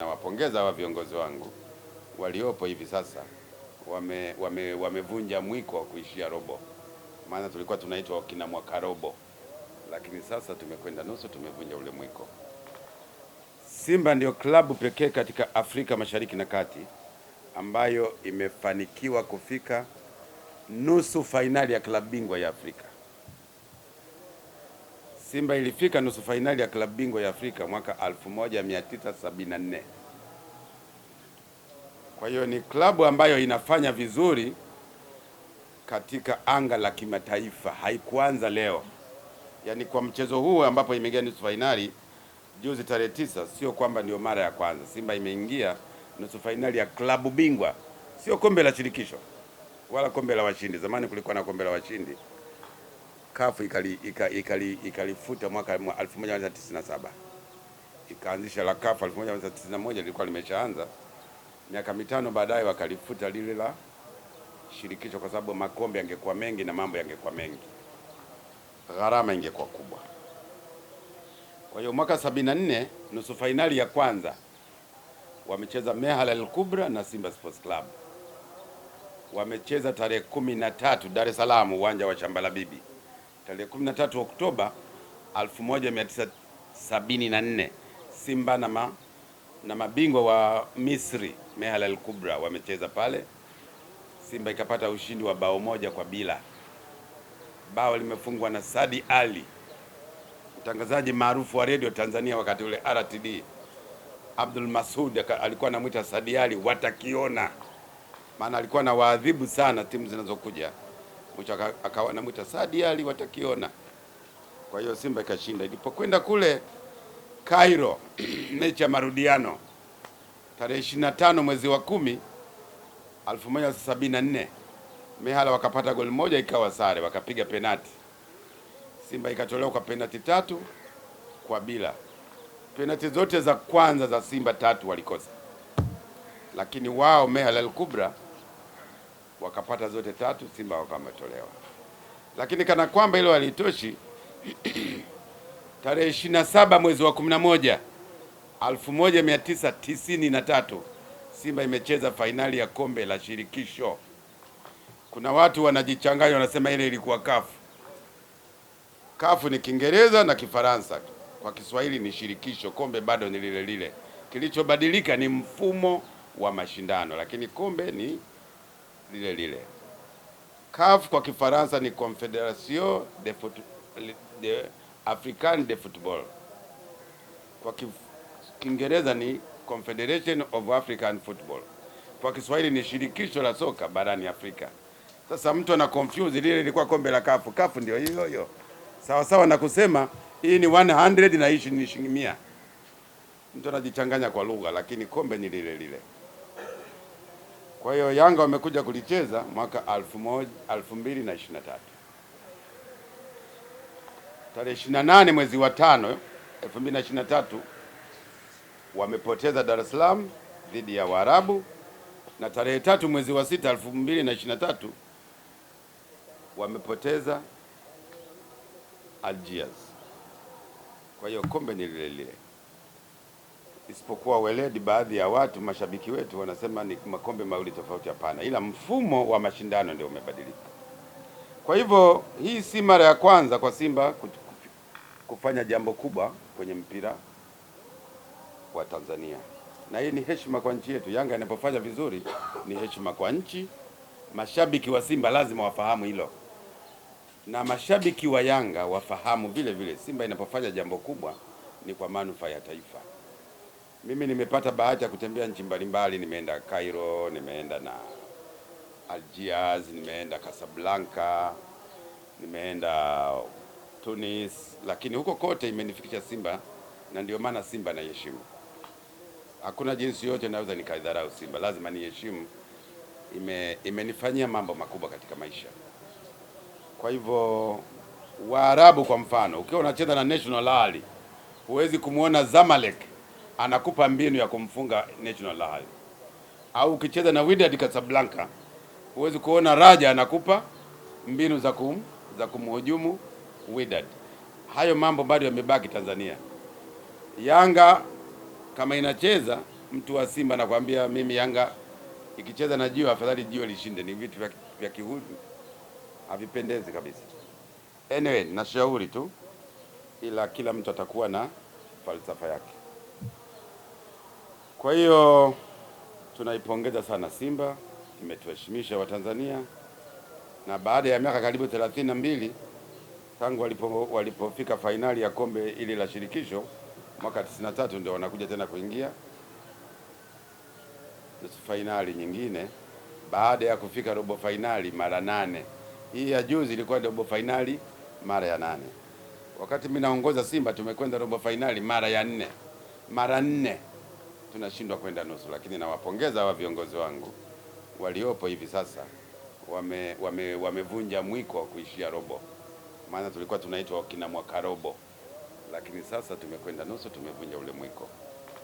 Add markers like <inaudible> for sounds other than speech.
Nawapongeza hawa viongozi wangu waliopo hivi sasa, wame, wame, wamevunja mwiko wa kuishia robo, maana tulikuwa tunaitwa wakina mwaka robo, lakini sasa tumekwenda nusu, tumevunja ule mwiko. Simba ndio klabu pekee katika Afrika Mashariki na Kati ambayo imefanikiwa kufika nusu fainali ya klabu bingwa ya Afrika. Simba ilifika nusu fainali ya klabu bingwa ya Afrika mwaka 1974. Kwa hiyo ni klabu ambayo inafanya vizuri katika anga la kimataifa, haikuanza leo. Yaani kwa mchezo huu ambapo imeingia nusu fainali juzi tarehe tisa, sio kwamba ndio mara ya kwanza Simba imeingia nusu fainali ya klabu bingwa, sio kombe la shirikisho wala kombe la washindi. Zamani kulikuwa na kombe la washindi kafu ikalifuta ikali, ikali, ikali mwaka 1997 ikaanzisha la kafu 1991 lilikuwa limeshaanza miaka mitano baadaye wakalifuta lile la shirikisho kwa sababu makombe yangekuwa mengi na mambo yangekuwa mengi, gharama ingekuwa kubwa. Kwa hiyo mwaka 74 nusu fainali ya kwanza wamecheza Mehala al Kubra na Simba Sports Club, wamecheza tarehe kumi na tatu Dar es Salaam, uwanja wa Shambala Bibi tarehe 13 Oktoba 1974 Simba na, ma, na mabingwa wa Misri Mehal Al Kubra wamecheza pale. Simba ikapata ushindi wa bao moja kwa bila. Bao limefungwa na Sadi Ali, mtangazaji maarufu wa redio Tanzania wakati ule RTD. Abdul Masud alikuwa anamwita Sadi Ali watakiona, maana alikuwa na waadhibu sana timu zinazokuja mwisho akawa namwita Sadi Ali watakiona. Kwa hiyo Simba ikashinda. Ilipokwenda kule Cairo <clears throat> mechi ya marudiano tarehe 25 mwezi wa kumi 1974 Mehala wakapata goli moja ikawa sare, wakapiga penati. Simba ikatolewa kwa penati tatu kwa bila. Penati zote za kwanza za Simba tatu walikosa, lakini wao Mehala al-Kubra wakapata zote tatu, Simba wakametolewa. Lakini kana kwamba hilo halitoshi, <clears throat> tarehe saba mwezi wa 11 tatu Simba imecheza fainali ya kombe la shirikisho. Kuna watu wanajichanganya, wanasema ile ilikuwa kafu. Kafu ni Kiingereza na Kifaransa, kwa Kiswahili ni shirikisho. Kombe bado ni lile lile, kilichobadilika ni mfumo wa mashindano, lakini kombe ni lile lile. CAF kwa Kifaransa ni Confederation de, de African de Football, kwa Kiingereza ni Confederation of African Football, kwa Kiswahili ni shirikisho la soka barani Afrika. Sasa mtu ana confuse lile lilikuwa kombe la CAF. CAF ndio hiyo hiyo, sawa sawa na kusema hii ni 100 na hii ni shilingi 100. Mtu anajichanganya kwa lugha, lakini kombe ni lile lile. Kwa hiyo Yanga wamekuja kulicheza mwaka 2023 tarehe 28 mwezi wa tano 2023 wamepoteza Dar es Salaam dhidi ya Waarabu na tarehe tatu mwezi wa sita 2023 wamepoteza Algiers. Kwa hiyo kombe ni lile lile isipokuwa weledi, baadhi ya watu mashabiki wetu wanasema ni makombe mawili tofauti. Hapana, ila mfumo wa mashindano ndio umebadilika. Kwa hivyo hii si mara ya kwanza kwa Simba kufanya jambo kubwa kwenye mpira wa Tanzania, na hii ni heshima kwa nchi yetu. Yanga inapofanya vizuri ni heshima kwa nchi. Mashabiki wa Simba lazima wafahamu hilo, na mashabiki wa Yanga wafahamu vile vile Simba inapofanya jambo kubwa ni kwa manufaa ya taifa. Mimi nimepata bahati ya kutembea nchi mbalimbali, nimeenda Cairo, nimeenda na Algiers, nimeenda Casablanca, nimeenda Tunis, lakini huko kote imenifikisha Simba na ndio maana Simba naiheshimu. Hakuna jinsi yote naweza nikaidharau Simba, lazima niheshimu. Ime, imenifanyia mambo makubwa katika maisha. Kwa hivyo Waarabu kwa mfano, ukiwa unacheza na National Ali huwezi kumwona Zamalek anakupa mbinu ya kumfunga National Lahali, au ukicheza na Wydad Casablanca huwezi kuona Raja anakupa mbinu za kum, za kumhujumu Wydad. Hayo mambo bado yamebaki Tanzania. Yanga kama inacheza mtu wa Simba nakwambia mimi, Yanga ikicheza na Jio afadhali Jio lishinde. Ni vitu vya, vya kihuni havipendezi kabisa. Anyway, nashauri tu, ila kila mtu atakuwa na falsafa yake. Kwa hiyo tunaipongeza sana Simba, imetuheshimisha Watanzania na baada ya miaka karibu thelathini na mbili tangu walipo, walipofika fainali ya kombe ili la shirikisho mwaka 93 ndio wanakuja tena kuingia nusu fainali nyingine baada ya kufika robo fainali mara nane. Hii ya juzi ilikuwa robo fainali mara ya nane. Wakati mimi naongoza Simba tumekwenda robo fainali mara ya nne, mara nne tunashindwa kwenda nusu, lakini nawapongeza hawa viongozi wangu waliopo hivi sasa wame, wame, wamevunja mwiko wa kuishia robo, maana tulikuwa tunaitwa wakina mwaka robo, lakini sasa tumekwenda nusu, tumevunja ule mwiko.